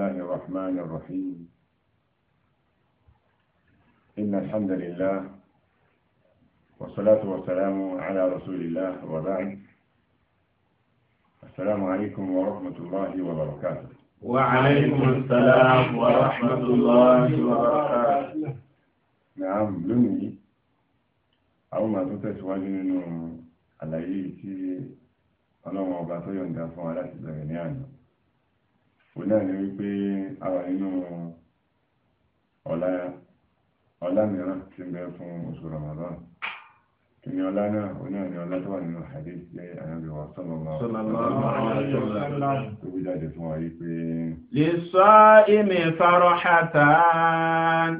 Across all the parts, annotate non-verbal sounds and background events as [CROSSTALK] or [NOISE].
الله الرحمن الرحيم إن الحمد لله والصلاة والسلام على رسول الله وبعد السلام عليكم ورحمة الله وبركاته وعليكم السلام ورحمة الله وبركاته نعم لوني أو ما تتسوى لنا àlàyé tí ọlọ́run ọba tó yọ̀ǹda fún wa láti òun náà ni wípé a wà nínú ọ̀la ọlá mìíràn tí ń bẹ fún oṣù Ramadan kí ni ọlá náà òun náà ni ọlá tó wà nínú hadith jẹ́ àyànbíwá sọ́lọ́lá tó bí jáde fún wa yìí pé. lè sọ ìmì farahatan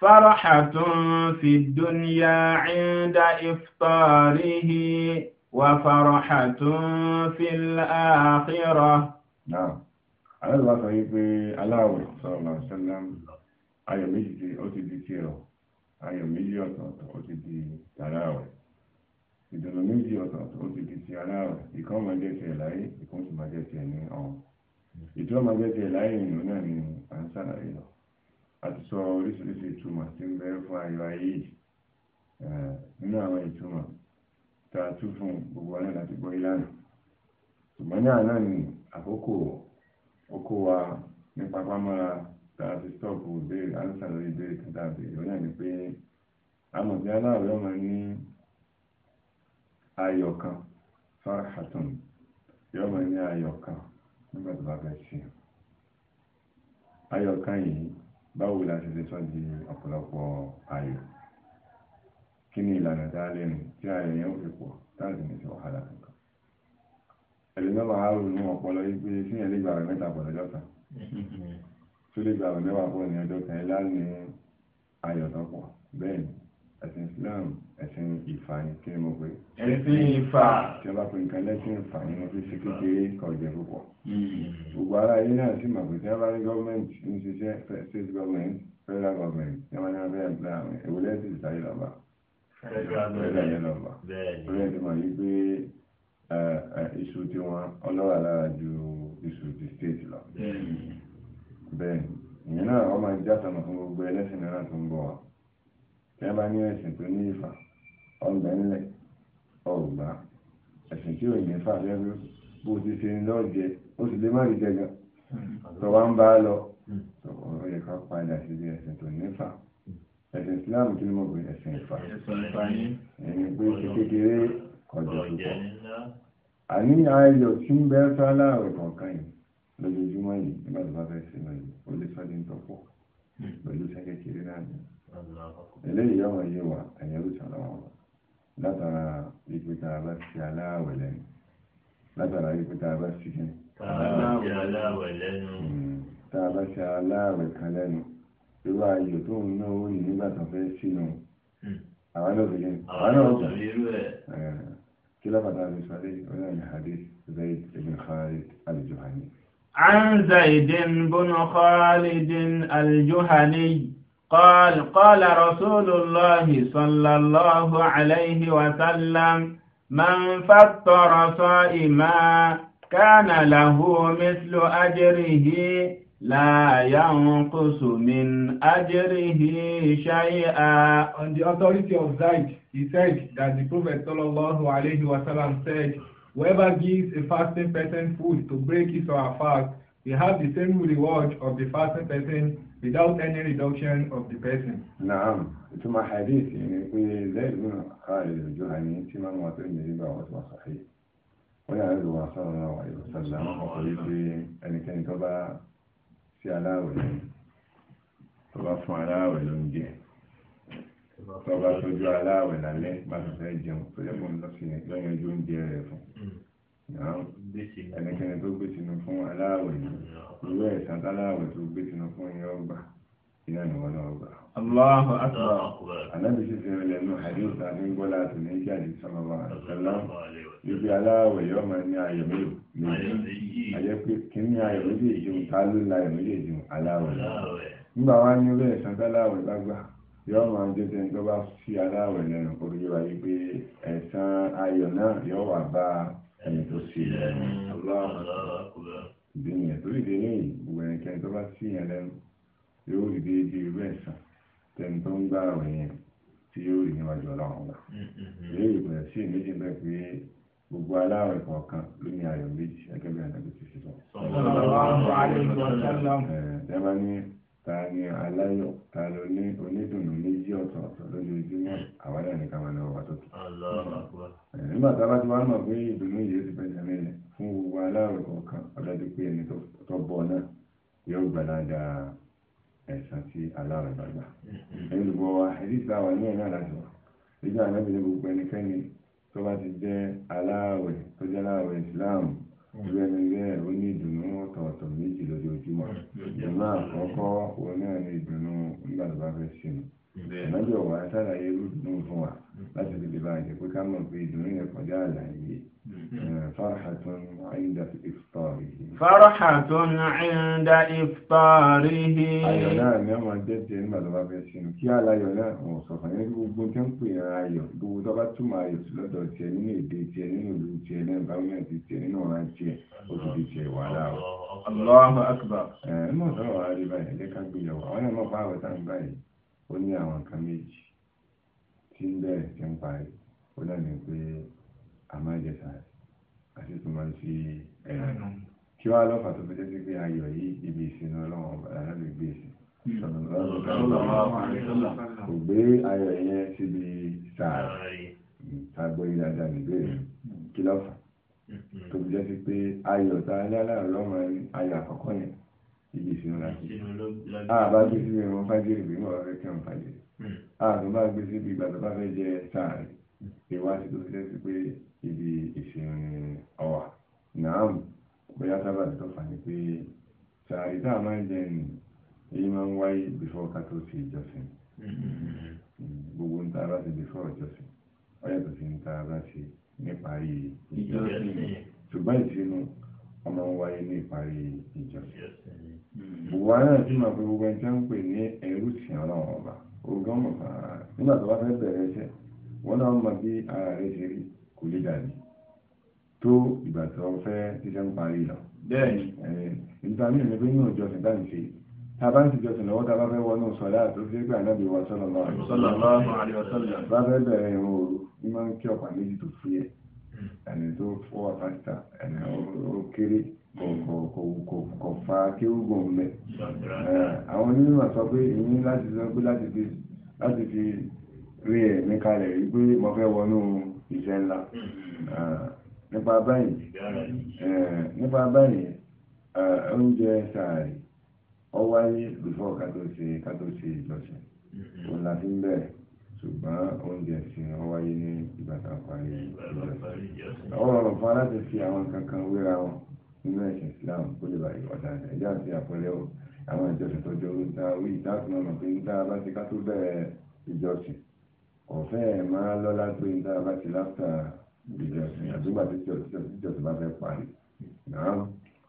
farahatun fi dunya inda iftarihi wa farahatun fil akhirah. náà. aláàbá sọ yí pé aláàwẹ̀ sọ̀rọ̀ sẹ́lẹ̀m ayọ̀ méjì tí ó ti di tirọ̀ ayọ̀ méjì ọ̀tọ̀ọ̀tọ̀ ó ti di aláàwẹ̀ ìdùnnú méjì ọ̀tọ̀ọ̀tọ̀ ó ti di ti aláàwẹ̀ ìkan máa jẹ́ tiẹ̀ láyé ìkan sì máa jẹ́ tiẹ̀ ní ọ̀hún ìtọ́ máa jẹ́ tiẹ̀ láyé ìrìn náà ni à ń ṣàlàyé lọ àti sọ oríṣiríṣi ìtumọ̀ tí ń bẹ fún ayọ̀ ayé nínú àwọn ìtumọ̀ tá a tún fún gbogbo ọ̀nà láti gbọ́ ìlànà ṣùgbọ́n ní àná ni àkókò oko wa nípa pámọ́ra tá a fi stọ́ọ̀pù ìbéèrè ánsà lórí ìbéèrè kan tá a béèrè ó náà ni pé amọ̀bí aláàwẹ̀ ọmọ ní ayọ̀ kan farhatun yọmọ ní ayọ̀ kan nígbà tó bá fẹ́ ṣe ayọ̀ kan yìí báwo la ṣe lè sọ di ọ̀pọ̀lọpọ̀ ayọ̀ kí ni ìlànà tá a lè rìn tí ayọ̀ yẹn ò fi pọ̀ táàdì ní sí wàhálà kankan ẹ̀lẹ́nà wà á ronú ọpọlọ yìí pé sí ẹ̀lẹ́ ìgbà rẹ̀ mẹ́ta pọ̀ lọ́jọ́ kan tó [LAUGHS] lè gbà rẹ̀ mẹ́wàá pọ̀ ní ọjọ́ kan ẹ̀lá ní ayọ̀tọ̀pọ̀ bẹ́ẹ̀ ẹ̀sìn Islam ẹ̀sìn ìfà ni kí ni mo pè. ẹ̀sìn ìfà. tí wọ́n bá pe nǹkan lẹ́sìn ìfà ni mo fi ṣe kékeré kọ̀ọ̀jẹ̀ púpọ̀. Hmm. gbogbo ara yìí náà sì mọ̀ pé tí wọ́n bá ní gọ́ọ̀mẹ̀ntì ń ṣiṣẹ́ state government federal government tí wọ́n bá ní wọ́n fẹ́ ẹ̀pẹ́ àwọn èwo lẹ́sìn ìsáyé lọ́ba. federal government bẹ́ẹ̀ ni. bẹ́ẹ̀ ni. Eh, eh, iṣu tí wọ́n ọlọ́wà lára ju iṣu ti state lọ bẹ́ẹ̀ ìyẹn náà wọ́n máa já sọ̀nà fún gbogbo ẹlẹ́sìn náà tó ń bọ̀ wá tí wọ́n bá ní ẹ̀sìn tó ní ìfà ọgbà ńlẹ̀ ọgbà ẹ̀sìn tí ò ní ìfà lẹ́rú bó ti ṣe ń lọ́ọ̀jẹ ó sì lè má rí jẹ gan hmm. tó wá ń bá a lọ ó yẹ ká padà sí ibi ẹ̀sìn tó ní ìfà ẹ̀sìn Islam kí ni mo gbé ẹ̀sìn ìfà ẹ̀yìn pé ṣe kékeré ọjọ́ púpọ̀ àní ayọ̀ tí ń bẹ́ sá láàrọ̀ kọ̀ọ̀kan yìí lójoojúmọ́ yìí nígbà tó bá fẹ́ sí lọ yìí ó lè sọ́dí ń tọ́pọ̀ hmm. pẹ̀lú sẹ́kẹ̀kẹ̀rẹ́ náà ni eléyìí ọmọ yìí wà ẹ̀yẹ́ ló sọ̀rọ̀ wọn látara ipe tá a bá ti aláàwẹ̀ lẹ́nu látara ipe tá a bá ti kí tá a bá ti aláàwẹ̀ hmm. kan lẹ́nu irú ayọ̀ tó ń ná yìí nígbà tó fẹ́ sínú hmm. عملوا بجن عملوا بجن كلا مدارس هذه وين حديث زيد بن خالد الجهني عن زيد بن خالد الجهني قال قال رسول الله صلى الله عليه وسلم من فطر صائما كان له مثل أجره لا ينقص من أجره شيئا. On the authority of Zayd, he said that the Prophet sallallahu alayhi wa sallam said, whoever gives a fasting person food to break his or her fast, he has the same reward of the fasting person without any reduction of the person. نعم ثم حديث يعني زيد بن خالد الجهني ثم موطئ النبي وهو صحيح. ولا عز الله عليه وسلم وقال لي أن كان sí aláwẹ̀ tó bá fún aláwẹ̀ lóúnjẹ tó bá tọ́jú aláwẹ̀ lálẹ́ bá tó fẹ́ jẹun tó yẹ fún lọ́yànjú oúnjẹ rẹ̀ fún ẹnikẹ́ni tó gbé sínú fún aláwẹ̀ irú ẹ̀sán táláwẹ̀ tó gbé sínú fún yẹn ọgbà iná ni wọn náà gbà. Allahu akbar. Ànábi sì fi rìnlẹ̀ nù àdéhùn tá a ní gbọ́ láti ní jáde sọ́mọ́ bá àṣẹlá. Ibi aláwẹ̀ yóò máa ní ayọ̀ mélòó ní kìíní ayọ̀ méjèèjì ń ta la ayọ̀ méjèèjì ń aláwẹ̀ nígbà wá ní orí ẹ̀sán táláwẹ̀ bá gbà yóò máa ń jẹ́jẹ́ tó bá fi aláwẹ̀ lẹ́nu orí wa yí pé ẹ̀sán ayọ̀ náà yóò wà bá ẹni tó sì lẹ́nu ìdí nìyẹn tó dìde ní ìgbìmọ̀ ẹnikẹ́ni tó bá sí yẹn lẹ́nu yóò dìde di irú ẹ̀sán tẹni tó ń gbà àwẹ̀ yẹn tí yóò rí níwájú ọlọ́run gbà. Mm-hmm gbogbo aláwẹ̀ kọ̀ọ̀kan ló ní ayọ̀ méjì gẹ́gẹ́ bí àdàbí ti ṣe sọ. ẹ̀ẹ́dẹ́gbà ní ta ni aláyọ̀ ta ló ní onídùnnú méjì ọ̀tọ̀ọ̀tọ̀ lójoojúmọ́ àwọn ẹ̀dá nìkan wọn ni wọ́n wà tó tù. nígbà tá a bá ti wá mọ̀ pé ìdùnnú yìí ti fẹsẹ̀ nílẹ̀ fún gbogbo aláwẹ̀ kọ̀ọ̀kan ọ̀dájú pé ẹni tó bọ̀ náà yóò gbà ẹ̀sán tí aláwẹ̀ bá tó bá ti jẹ́ aláàwẹ̀ tó jẹ́ aláàwẹ̀ ìsìláàmù ìwé ẹni bẹ́ẹ̀ ó ní ìdùnnú ọ̀tọ̀ọ̀tọ̀ méjì lójoojúmọ́ hmm, ìdùnnú àkọ́kọ́ òun náà ní ìdùnnú nígbà tó bá fẹ́ sínú ìdájọ́ wa ṣàlàyé irú ìdùnnú fún wa hmm. láti fi lè bá a jẹ pé ká mọ̀ pé ìdùnnú yẹn kọjá àlàyé فرحة عند إفطاره فرحة عند إفطاره ayọ̀ náà ni ọmọ jẹ́jẹ́ nígbà tó bá fẹ́ sinú kí aláyọ̀ náà wọ́n sọ fún yẹn gbogbo tí ń pè é ayọ̀ gbogbo tó bá túmọ̀ ayọ̀ sí lọ́dọ̀ tiẹ̀ nínú èdè tiẹ̀ nínú ìlú tiẹ̀ nínú ìbáwíyànjú tiẹ̀ nínú ọ̀rá tiẹ̀ ó ti di tiẹ̀ wàhálà akbar. ẹ ẹ mọ̀ sọ́rọ̀ wàhálà rí báyìí ẹ̀jẹ̀ ká gbìyànjú àwọn náà mọ̀ fún àwọn táwọn àti tó máa ń fi ẹnu kí wàá lọ́fà tó fi jẹ́ sí pé ayọ̀ yìí ibi ìsinmi ọlọ́run ọba aláàbí gbé ìsìn e hmm. kò gbé ayọ̀ yẹn síbi sàárì àgbọ̀ hmm. yìí dáadáa níbẹ̀ hmm. kí lọ́fà tó fi jẹ́ sí pé ayọ̀ tá a ní aláàárọ̀ ọmọ ayọ̀ àkọ́kọ́ yẹn ibi ìsinmi láti àbá ah, gbé síbi ìwọ̀n fájìrì bí wọ́n fẹ́ kẹ́hìn fájìrì àbá ah, gbé síbi ìgbà tó bá fẹ́ jẹ sàárì ìwádìí tó fi sí pé ibi ìṣẹ̀rìn ọwà náà bóyá sábà tó fà ní pé sàárì tá a máa ń jẹ nì èyí máa ń wáyé mm-hmm. gbogbo ń bá ṣe bífọ́ ìjọsìn ọ̀yàtọ̀ sí ń ta bá ṣe níparí ìjọsìn ṣùgbọ́n ìṣinú ń wáyé ìjọsìn mm-hmm. gbogbo ara náà gbogbo ẹni tí wọ́n ń pè ní ẹrú ọlọ́run ọba ogun ọmọ nígbà tó bá fẹ́ bẹ̀rẹ̀ náà mọ kò lè dàbí tó ìgbà tó ń fẹ́ títẹ́ ń parí lọ. bẹ́ẹ̀ni ìgbà míì ni pé ní òjò ọ̀sìn bá ń ṣe tá a bá ń ti jọsìn lọ́wọ́ tá a bá fẹ́ wọnú sọ̀dá tó fi gbà náà bí wọ́n sọ̀rọ̀ lọ́wọ́ bá fẹ́ bẹ̀rẹ̀ ìwọ̀n òru ní máa ń kí ọ̀pá méjì tó fúyẹ́ hmm. ẹni tó fọ́ pásítà ẹni ó kéré kò fa kéwúgbọ̀n mẹ́. àwọn onímọ̀ sọ pé èyí láti sọ pé láti fi rí ẹ̀mí kalẹ̀ rí pé mo fẹ́ wọnú iṣẹ́ ńlá mm-hmm. ah, nípa báyìí eh, nípa báyìí ah, oúnjẹ sàárì ọ wáyé bífọ́ kátó ṣe kátó ṣe ìjọsìn mm-hmm. òun la fi ń bẹ̀rẹ̀ ṣùgbọ́n oúnjẹ sí ọ wáyé ní ìbàtà parí ìjọsìn àwọn ọ̀rọ̀ fún aláṣẹ fi àwọn kankan wéra wọn nínú ẹ̀sìn Islam kó lè bàyè ọ̀dà ẹ̀já àti àpẹẹrẹ àwọn ìjọsìn tó jọ ń ta wí ìtàkùn ọmọ pé ń ta bá ti ká bẹ̀rẹ̀ ìjọsìn ọ̀fẹ́ ẹ̀ máa lọ́lá pé níta bá ti láfta ìjọsìn àdúgbà tíjọsìn bá fẹ́ parí náà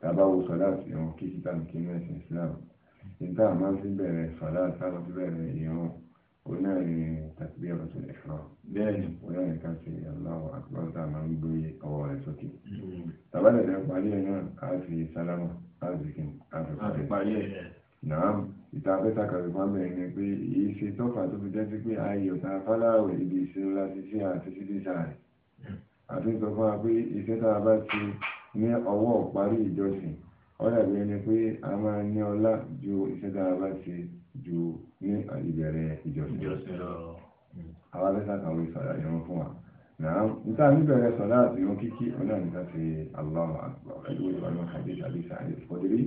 tábà wo sọláàtì ìran kí síta ní kíní ẹ̀sìn Islam níta máa fi bẹ̀rẹ̀ sọláàtì táwọn fi bẹ̀rẹ̀ ìran onáàrin tàbí ọ̀tún ẹ̀fọ́ bẹ́ẹ̀ni onáàrin ká ṣe aláwọ̀ àgbọ̀tà máa ń gbé ọwọ́ rẹ̀ sókè hmm. tàbá tẹ̀lé parí ẹ̀ náà á fi sálámà á fi kí á fi parí ẹ̀ náà. ìtàpẹ́ta kàlùkọ́ bẹ̀rẹ̀ ni pé èyí ṣe tọ́fà tó fi jẹ́ pé ayé ọ̀tá ibi ìṣirò láti ṣe àti ṣíṣe àti sọ a bá ti ní ọwọ́ parí ìjọsìn ó dàbí ẹni pé a máa ní ọlá ju iṣẹ́ tá a bá ti ju ní ìbẹ̀rẹ̀ ìjọsìn lọ. àwọn abẹ́ta kàwé sọ̀rọ̀ ìrún fún wa náà níta níbẹ̀rẹ̀ sọ̀rọ̀ àti kíkí ọ̀nà níta ti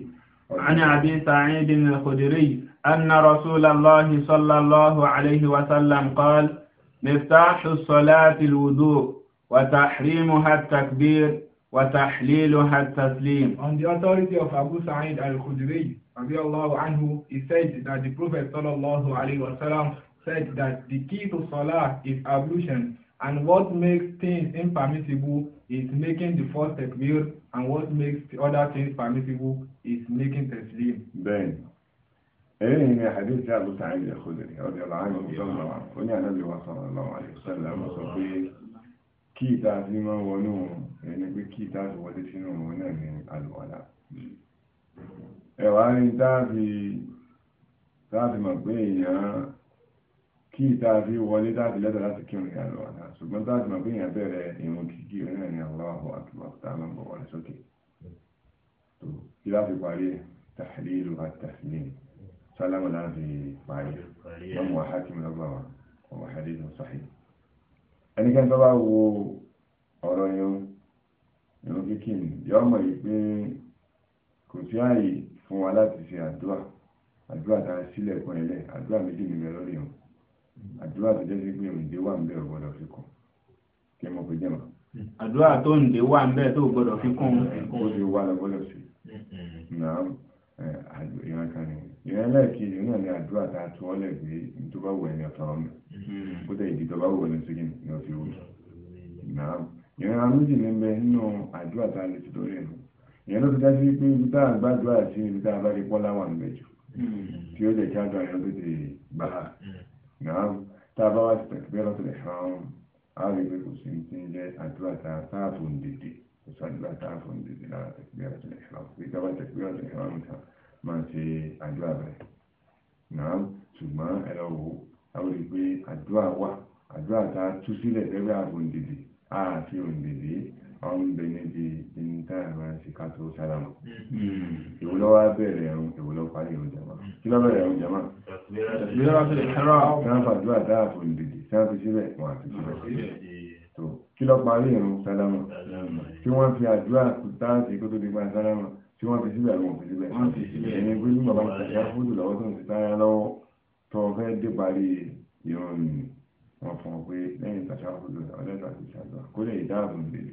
عن أبي سعيد الخدري أن رسول الله صلى الله عليه وسلم قال مفتاح الصلاة الوضوء وتحريمها التكبير وتحليلها التسليم. On the authority of Abu Sa'id al-Khudri, radiallahu anhu, he said that the Prophet sallallahu alayhi wa sallam said that the key to salah is ablution and what makes things impermissible is making the first tekbir and what makes the other things permissible is making taslim. bẹ́ẹ̀ni ẹ̀yìn ìrìn àdé tí a ló sàn ilẹ̀ kúlẹ̀ ọ̀dẹ̀ ọ̀làánì ìṣọ́nà ó ní ànábì wa sọ̀rọ̀ lọ́wọ́ àdìsọ́lá mo sọ pé kí ìta sí máa ń wọnú ẹni pé kí ìta sí wọlé sínú òun náà ní àlùwàlà ẹ̀wà ní táàbì táàbì mọ̀ pé èèyàn kí ìtàbí wọlé láti lẹ́tọ̀ láti kí òrìn àlọ́ àná ṣùgbọ́n táàtì mọ̀ pé èèyàn bẹ̀rẹ̀ ìrun kíkí rẹ̀ ní Allahu Akbar táwọn bọ̀ wọlé sókè tó kí láti parí tahlilu at-taslim sálámù láti parí mọ́mú àhákìm lọ́gbà wa ọmọ hadithu sahih ẹnikẹ́ni tó bá wo ọ̀rọ̀ yẹn ìrun kíkí ni yọ mọ̀ yìí pé kò sí ààyè fún wa láti ṣe àdúrà àdúrà tá a sílẹ̀ kan àdúrà tó jẹ́ sí pé òǹdè wà ń bẹ̀ ò gbọ́dọ̀ fi kún kí mo fi jẹ́mọ̀. àdúrà tó òǹdè wà ń bẹ̀ tó gbọ́dọ̀ fi kún. ó ti wá lọ gbọ́dọ̀ sí mm-hmm. ìran kan ni ìran lẹ́ẹ̀kejì náà ni àdúrà tá a tún ọ́ lẹ̀ pé tó bá wọ̀ ẹni ọ̀tá ọmọ mm-hmm. ó tẹ̀ ìdí tó bá wọ̀ ẹni tó yẹ ní ọ̀sẹ̀ òwò ìran méjì ní bẹ nínú àdúrà tá a lè ti lórí ẹ̀rọ ìyẹn ló fi dá sí pé ibi tá a gbàdúrà sí ibi tá a bá rí pọ́lá wà ń bẹ̀ jù mm-hmm. tí ó jẹ́ kí àdúrà yẹn tó ti gbà náà tá a bá wá ti takbiratul ihram á rí pé kò sí ní ti ń jẹ́ àdúrà tá a sáàfù ń dèdè kò sí àdúrà tá a fò ń dèdè lára takbiratul ihram pé tá a bá takbiratul ihram tán máa ṣe àdúrà bẹ́ẹ̀ náà ṣùgbọ́n ẹ lọ wò á rí pé àdúrà wà àdúrà tá a tú sílẹ̀ lẹ́gbẹ̀ẹ́ àbòǹdèdè àfi òǹdèdè àwọn ń bẹ níbi ìta ẹ̀rọ ẹ̀sìn ká tó sálámù hmm. èwo ló wá bẹ̀rẹ̀ ẹ̀rùn èwo ló parí ẹ̀rùn jàmá hmm. kí ló bẹ̀rẹ̀ ẹ̀rùn jàmá ìgbé lọ́wọ́ sílẹ̀ ẹ̀rọ náà fàdúrà dáàbò ìdìdì tí wọ́n fi síbẹ̀ wọn àti síbẹ̀ tó kí ló parí ẹ̀rùn sálámù tí wọ́n fi àdúrà táàsì kó tó di gba sálámù tí wọ́n fi síbẹ̀ àwọn òfin síbẹ̀ ẹni pé bí bàbá ìtàkà fúdù lọ́wọ́ tó ń ti sára lọ́wọ́ tó fẹ́ dé parí ìrọ̀rùn wọn fún ọ pé lẹ́yìn ìtàkà fúdù ọlẹ́ta ti ṣàdúrà kó lè dáàbò ìdìdì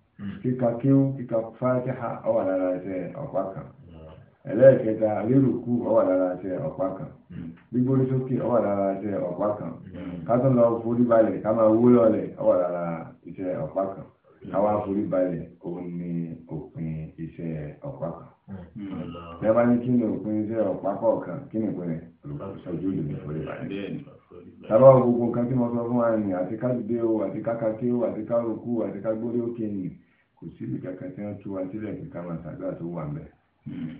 kíka kíw kíka fatiha ọwà lára ẹsẹ̀ ọ̀pá kan hmm. ẹlẹ́ẹ̀kẹta rírùkú ọwà lára ẹsẹ̀ ọ̀pá kan hmm. gbígbórí sókè ọwà lára ẹsẹ̀ ọ̀pá kan hmm. kátún lọ forí balẹ̀ ká máa wó lọ́lẹ̀ ọwà lára ẹsẹ̀ ọ̀pá kan káwá forí balẹ̀ òun ni òpin iṣẹ́ ọ̀pá kan lẹ́bàá ní kí ni òpin iṣẹ́ ọ̀pá kọ̀ọ̀kan kí ni ìpínlẹ̀ olùkọ́sọ́jú ìlú ní forí balẹ̀ tàbá gbogbo nǹkan tí mo sọ fún wa ni àti ká dìde o àti ká o àti ká àti ká òkè yìí kò síbi kankan tí wọ́n tú wa sílẹ̀ kí ká máa ṣàdúrà tó wà mẹ́ hmm.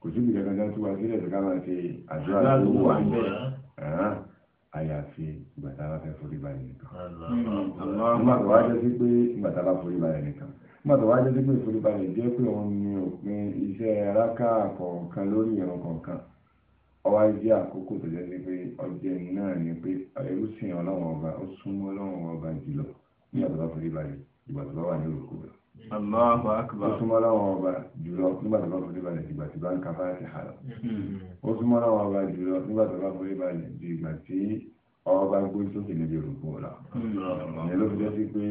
kò síbi kankan tí wọ́n tú wa sílẹ̀ kí ká máa ṣe àdúrà tó wà mẹ́ àyàfi ìgbà a bá fẹ́ forí balẹ̀ nìkan nígbà tó wá jẹ́ sí pé ìgbà tá a bá forí balẹ̀ nìkan nígbà tó wá jẹ́ sí pé ìforí balẹ̀ jẹ́ pé òun ni òpin iṣẹ́ rákà kọ̀ọ̀kan lórí ẹ̀rọ kọ̀ọ̀kan ọwá jẹ́ àkókò tó jẹ́ sí pé ọjẹ́ náà ni pé ẹrú sìn ọlọ́wọ́n ọba ó súnmọ́ ọlọ́wọ́n ọba jùlọ nígbà tó bá forí balẹ̀ ìgbà tó bá wà ní òkú rẹ̀. Allahu akbar. Ó súnmọ́ láwọn ọba jùlọ nígbà tó bá forí balẹ̀ dìgbà tí bá ń kafá ti hà lọ. Hmm. Ó súnmọ́ láwọn ọba jùlọ nígbà bá forí balẹ̀ dìgbà tí ọba gbé sókè níbi òkú rẹ̀. Ìyẹn ló fi jẹ́ sí pé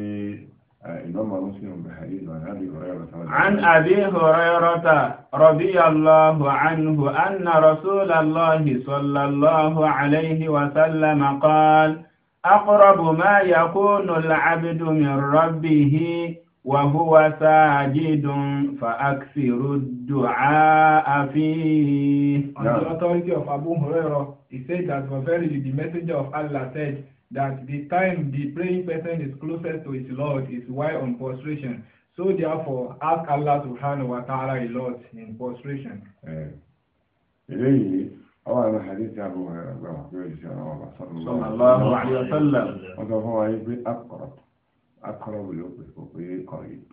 الإمام مسلم بحديث عن أبي هريرة عن أبي هريرة رضي الله عنه أن رسول الله صلى الله عليه وسلم قال aqrabu ma yakunu al-'abdu min rabbihi wa huwa sajidun fa akthiru dua fihi. On the authority of Abu Hurairah, he said that for verily the messenger of Allah said, that the time the praying person is closest to his Lord is while on prostration. So therefore, ask Allah subhanahu wa ta'ala a lot in prostration. Eh. Eléyìí àwọn àdìsí àbò rẹ̀ gbà wọ́n pé òjì ọ̀nà ọba sallallahu alaihi wasallam wọ́n sọ fún wa yìí pé aqrab aqrab ló pè kò pé qarib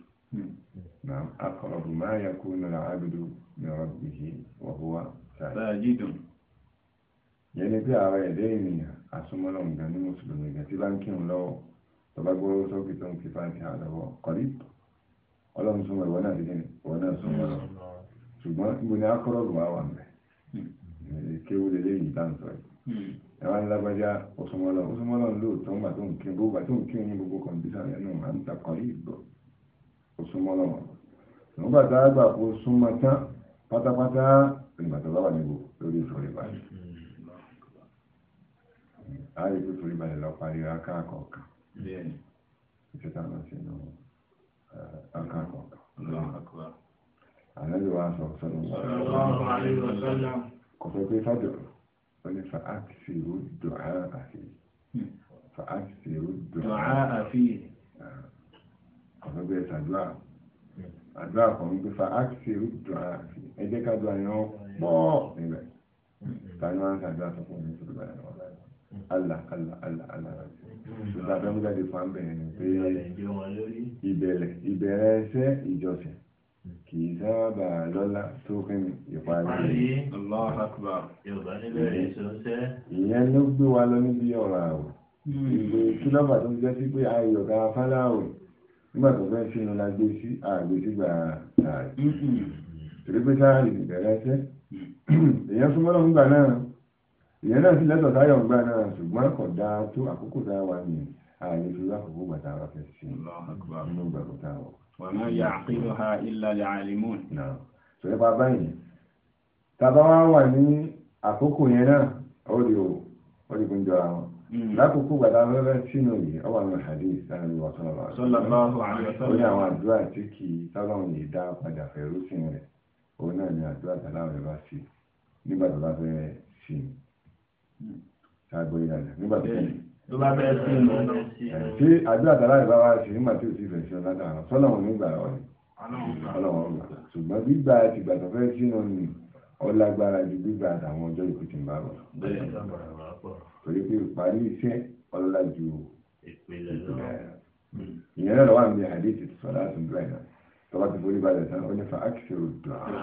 náà aqrab ma yakunu al-abdu min rabbihi wa huwa sajid yẹn ni pé ààrẹ ẹ̀dẹ́ ènìyàn asúmọ́lọ́ nǹkan ní mùsùlùmí ìgbà tí bá ń kírun lọ́wọ́ tọba gbọ́rọ́ sókè tó ń kí fáńtì àlọ́wọ́ qarib ọlọ́run súnmọ́ ìwọ náà dídí ìwọ náà súnmọ́ lọ ṣùgbọ́n ibo ni akọ́rọ́gùn wa wà ń bẹ̀ Eh, kéwú lélẹ́yìn dáńtọ́ yìí hmm. ẹ̀wá ńlágbájá ọ̀sùnmọ́lọ́ ọ̀sùnmọ́lọ́ lóòótọ́ ńgbà tó ń kí bó bá tó ń kí ní gbogbo kọ̀ǹdíṣà yẹn náà à ń takọ̀ yìí gbọ́ ọ̀sùnmọ́lọ́ wọn. nígbà tá a gbà kó súnmọ́ tán pátápátá ìgbà tó bá wà níbo lórí ìfòrí balẹ̀. a lè fi ìfòrí balẹ̀ lọ parí aká kọ̀ọ̀kan ìṣẹ́ta náà ṣe nù aká kọ̀ọ̀kan. àlejò wa sọ̀rọ̀ sọ̀rọ̀ kọ̀fẹ́ pé fàdùrù wọ́n ní fa àkìsìrò dùá àfi hmm. fa àkìsìrò dùá àfi kọ̀fẹ́ pé ṣàdúrà àdúrà kan pé fa àkìsìrò dùá àfi ẹ jẹ́ ká dùá yẹn pọ̀ níbẹ̀ hmm. tani wọn ṣàdúrà tó fún mi tó bá yẹn wọn Allah Allah Allah Allah ṣùgbọ́n abẹ́mú jáde fún abẹ́yẹn ni pé ìbẹ̀rẹ̀ ìbẹ̀rẹ̀ ẹsẹ̀ ìjọsìn kì í sábà lọ́lá tó kíni ìparí ìyẹn ló gbé wa lọ níbi ọ̀rọ̀ àwẹ̀ hmm. ìgbè kí lọ́bà tó jẹ́ sí pé ayọ̀ ká fáláwẹ̀ nígbà tó fẹ́ sínú la gbé sí àgbè sígbà tààrí hmm. torí pé sáàrì ìbẹ̀rẹ̀ ẹsẹ̀ èèyàn súnmọ́ lọ́wọ́ ńgbà náà èèyàn náà sì lẹ́tọ̀ọ́ táyọ̀ ńgbà náà ṣùgbọ́n kò dáa tó àkókò tá a wà nìyẹn àyè fi wá àkókò gbàtà wa fẹ́ sí inú gbàgbọ́ tá a wọ̀. wàmá yà àkílò ha ila lè àlìmùn. So ebe di o ó di hmm. lákòókò gbàdá fẹ́fẹ́ sínú yìí ọwọ́ àwọn na sáré wà ní àwọn àdúrà tí kì í tọ́lọ́run lè dá padà fẹ̀rú sí rẹ̀ òun náà ni àdúrà bá sí sí i ló bá bẹ́ẹ̀ sí inú. tí àdúrà tàbí àdúrà wá sí nígbà tí ò sí ìfẹ̀sí ọ̀la dáhùn sọ́lọ́wọ́n nígbà wọn ọlọ́wọ́n gbà ṣùgbọ́n gbígbà àti ìgbà tó fẹ́ sínú ni ọlágbára ju gbígbà àtàwọn ọjọ́ ìkú ti ń bá bọ̀. torí pé ìparí iṣẹ́ ọlọ́lá ju ìpìlẹ̀ ìyẹn náà lọ́wọ́ àmì àdéhìí ti sọ̀rọ̀ àti ìdúrà ìlànà tọ́ba ti forí balẹ̀ tán ó ní fa ákìsìrò dùn án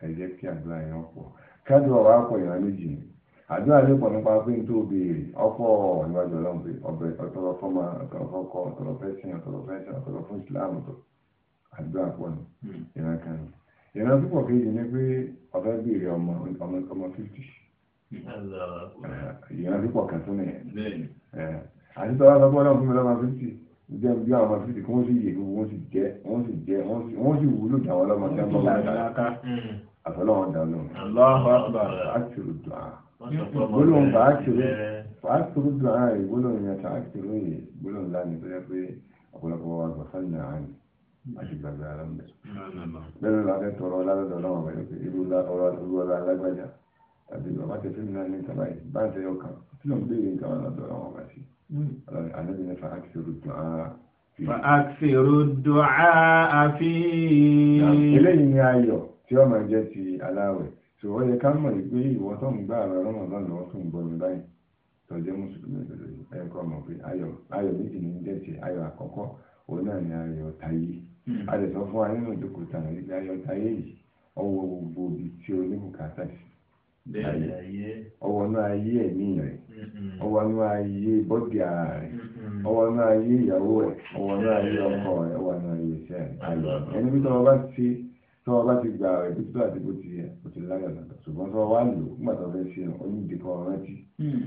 ẹ jẹ́ kí àdúrà yẹn pọ̀ káàdùn ọ̀wá pọ̀ ìran méjì ni àdúrà lè pọ̀ nípa pé n tó béèrè ọ̀pọ̀ níwájú ọlọ́run pé ọbẹ̀ ọ̀tọ̀rọ̀ fọ́mà ọ̀tọ̀rọ̀ fọ́kọ ọ̀tọ̀rọ̀ fẹ́sìn ọ̀tọ̀rọ̀ fẹ́sìn ọ̀tọ̀rọ̀ fún Islam tó àdúrà pọ̀ ní hmm. ìran kan ní. ìran púpọ̀ kejì ni pé ọ̀fẹ́ béèrè ọmọ ọmọ fifty. Hmm. ìran púpọ̀ kan tún nìyẹn. àti tọ́lá sọ pé ọlọ́run fún mi lọ́mọ fifty jẹ́ bí àwọn ọmọ fífi kí wọ́n sì yè gbogbo wọ́n sì jẹ́ wọ́n sì jẹ́ wọ́n sì wúlò dáwọn ọlọ́mọ tí wọ́n bọ́ wọn dáadáa àtọ́lọ́wọ́n dáná. aláhùn àgbà àti òdùn àá gbólóhùn fàákìrú fàákìrú dùn ààrẹ gbólóhùn yẹn fàákìrú yìí gbólóhùn lánìí tó yẹ pé ọ̀pọ̀lọpọ̀ wa gbà fún ìyá àánì àti gbàgbé ara ń bẹ̀. bẹ́ẹ̀ ló lọ́dẹ tọrọ lálọ́dọ̀ náà wọ̀ pé irú ọlá alágbájá tàbí bàbá tẹ̀sí mi náà ní kaba yìí bá ń tẹ̀yọ kan tí ló ń béèrè nǹkan wọn lọ́dọ̀ náà wọ̀ bá sí. Hmm. àlejò ní fàákìrú dùn dùn ààrẹ fi. eléyìí ni ayọ̀ tí ṣùgbọ́n yẹ ká mọ̀ pé ìwọ tó ń gbà àrà rọ́mọ̀ náà lọ́wọ́ tó ń gbọ́ mi báyìí tọ́jọ́ mùsùlùmí ẹ̀kọ́ mọ̀ pé ayọ̀ ayọ̀ méjì ní ayọ̀ àkọ́kọ́ òun náà ni ayọ̀ hmm. a lè sọ fún wa nínú ìjókòó tàn nípa ayọ̀ tayé yìí ọwọ́ gbogbo ibi tí oníbùkátà sí ọwọ́ náà ayé ẹ̀mí rẹ̀ ọwọ́ hmm. náà ayé bọ́dì ara rẹ̀ ọwọ́ hmm. náà ayé ìyàwó rẹ̀ ọwọ́ náà ayé ọkọ rẹ̀ ọwọ́ ayé iṣẹ́ tó ọba bá ti gba rẹ̀ bí tó otu bó ti yẹ o ti láyọ̀ lọ ṣùgbọ́n tó o wá lò nígbà tó fẹ́ ṣe oníjì kan rántí hmm.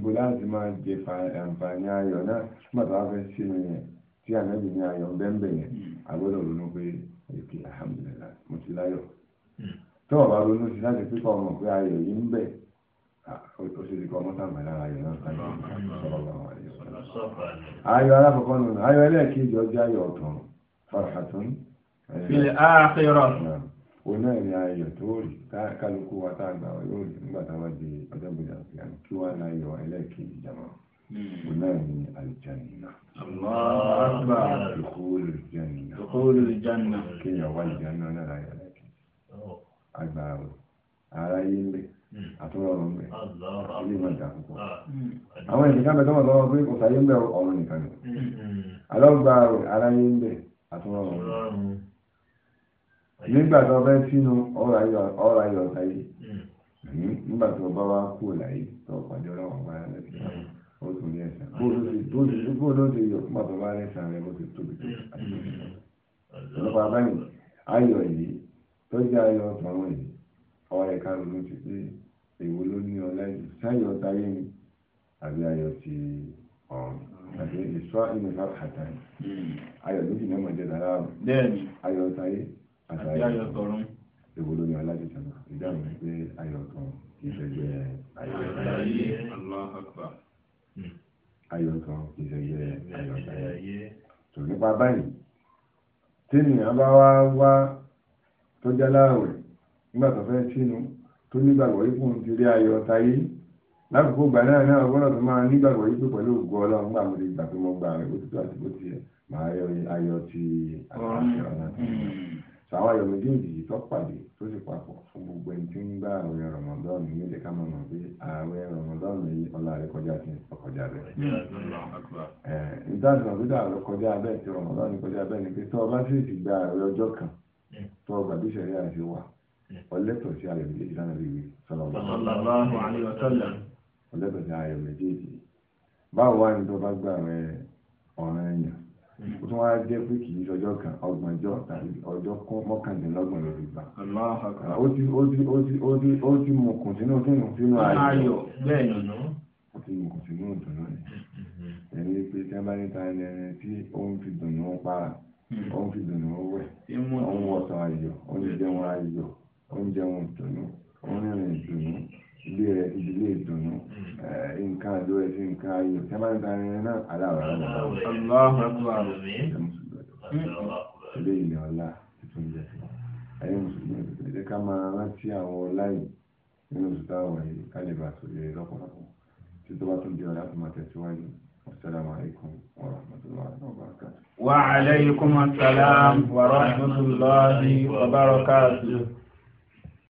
ìgbò láti máa jẹ àǹfààní ayọ̀ náà nígbà fẹ́ ṣe yẹn tí ànábì ní ayọ̀ bẹ́ẹ̀ yẹn hmm. agbọ́dọ̀ ronú pé èké mo ti láyọ̀ hmm. bá ronú sí láti pípọ̀ ọmọ pé ayọ̀ yìí ń bẹ̀ ṣe ti kọ́ ọmọ ayọ̀ náà ayọ̀ alákọ̀ọ́kọ́ nù farhatun fil akhirah òun náà ni ayọ̀ tó rí kálukú wa tá a gbà yóò rí nígbà tá a bá di ọjọ́ gbèdà sí àná kí wàá náà yọ ẹlẹ́ẹ̀kejì jama òun náà ni alìjánina. Allahu akbar dùkúrú ìjánina. dùkúrú ìjánina. kéèyàn wá ìjánina náà láyọ̀ ẹlẹ́ẹ̀kejì. agbára aráyé ń bẹ àtúrọ̀rùn ń ilé ìwọ̀n ìjà púpọ̀. àwọn ìṣèkábẹ̀ lọ́wọ́ pé kò sáyé ń bẹ nìkan ni. alọ́gbà aráyé ń bẹ àtúrọ̀rùn nígbà tó fẹ́ sínú ọ̀rọ̀ ọ̀tá yìí nígbà tó bá wá kú láyé tó pàdé bá yá lẹ́sìn hmm. ó tún ní ẹ̀sán bó ló ti yọ nígbà tó bá lẹ́sìn rẹ bó ti tóbi tó hmm. ayọ̀ yìí tó jẹ́ ayọ̀ yìí ẹ̀ka ti pé èwo ló ní ọlá yìí sáyọ̀ ọ̀run um, hmm. àti ìṣọ́ ìlú náà àtàrí ayọ̀ méjì náà mọ̀jẹ̀ dára rẹ̀ ayọ̀ táyé àti ayọ̀ tọ̀run èwo ló ní alájọ sọ̀nà ìdáhùn ní pé ayọ̀ kan kì í ṣẹ̀jẹ̀ ayọ̀ táyé ayọ̀ kan kì í ṣẹ̀jẹ̀ ayọ̀ táyé tò nípa báyìí tí ènìyàn bá wá wá tó jẹ́ láàrẹ̀ nígbà tó fẹ́ sínú tó nígbàgbọ́ ikú ti rí ayọ̀ lákòókò ìgbà náà náà gbọ́dọ̀ tó máa nígbàgbọ́ yìí pé pẹ̀lú ògùn ọlọ́run gbà mo lè gbà pé mo gbà rẹ̀ bó ti tó àti bó ti yẹ màá yọ ayọ̀ ti àti ọ̀nà tí mm. àwọn ayọ̀ méjèèjì yìí tó pàdé tó sì papọ̀ fún gbogbo ẹni tí ń gbà àwẹ̀ rọ̀mọdọ́ọ̀nù ní ìdẹ́ká mọ̀ mọ̀ pé àwẹ̀ rọ̀mọdọ́ọ̀nù yìí ọlá rẹ̀ kọjá sí ọkọjá bẹ́ẹ̀. ìdájọ́ àbúdá rẹ̀ kọjá bẹ́ẹ̀ tí rọ̀mọdọ́ọ̀nù ọlẹ́bẹ̀dẹ̀ ayọ̀ méjèèjì báwo wá ní tó bá gbà rẹ ọ̀ràn ẹ̀yàn ó tún wá jẹ́ pé kì í ṣọjọ́ kan ọgbọ̀njọ́ tàbí ọjọ́ mọ́kàndínlọ́gbọ̀n ló ti gbà. ó ti mú kùn sínú sínú sínú ayọ̀ bẹ́ẹ̀ ni ó ti mú kùn sínú ìdùnnú ni ẹni pé tí wọ́n bá níta ẹni tí ó ń fi dùnnú para ó ń fi dùnnú wẹ̀ ó ń wọ̀sán ayọ̀ ó ń jẹun ayọ̀ ó ń jẹun ìdùnnú ó ń rìn ìdùnnú ilé rẹ̀ ti ilé ìdùnnú hmm. eh, nǹkan àdó ẹ̀ sí nǹkan ayò tí a máa ń ta ẹni náà aláwọ̀ ilé ìlẹ̀ ọ̀la tuntun jẹ́ ayé mùsùlùmí ẹ̀jẹ̀ السلام عليكم ورحمة الله وبركاته وعليكم السلام ورحمة الله وبركاته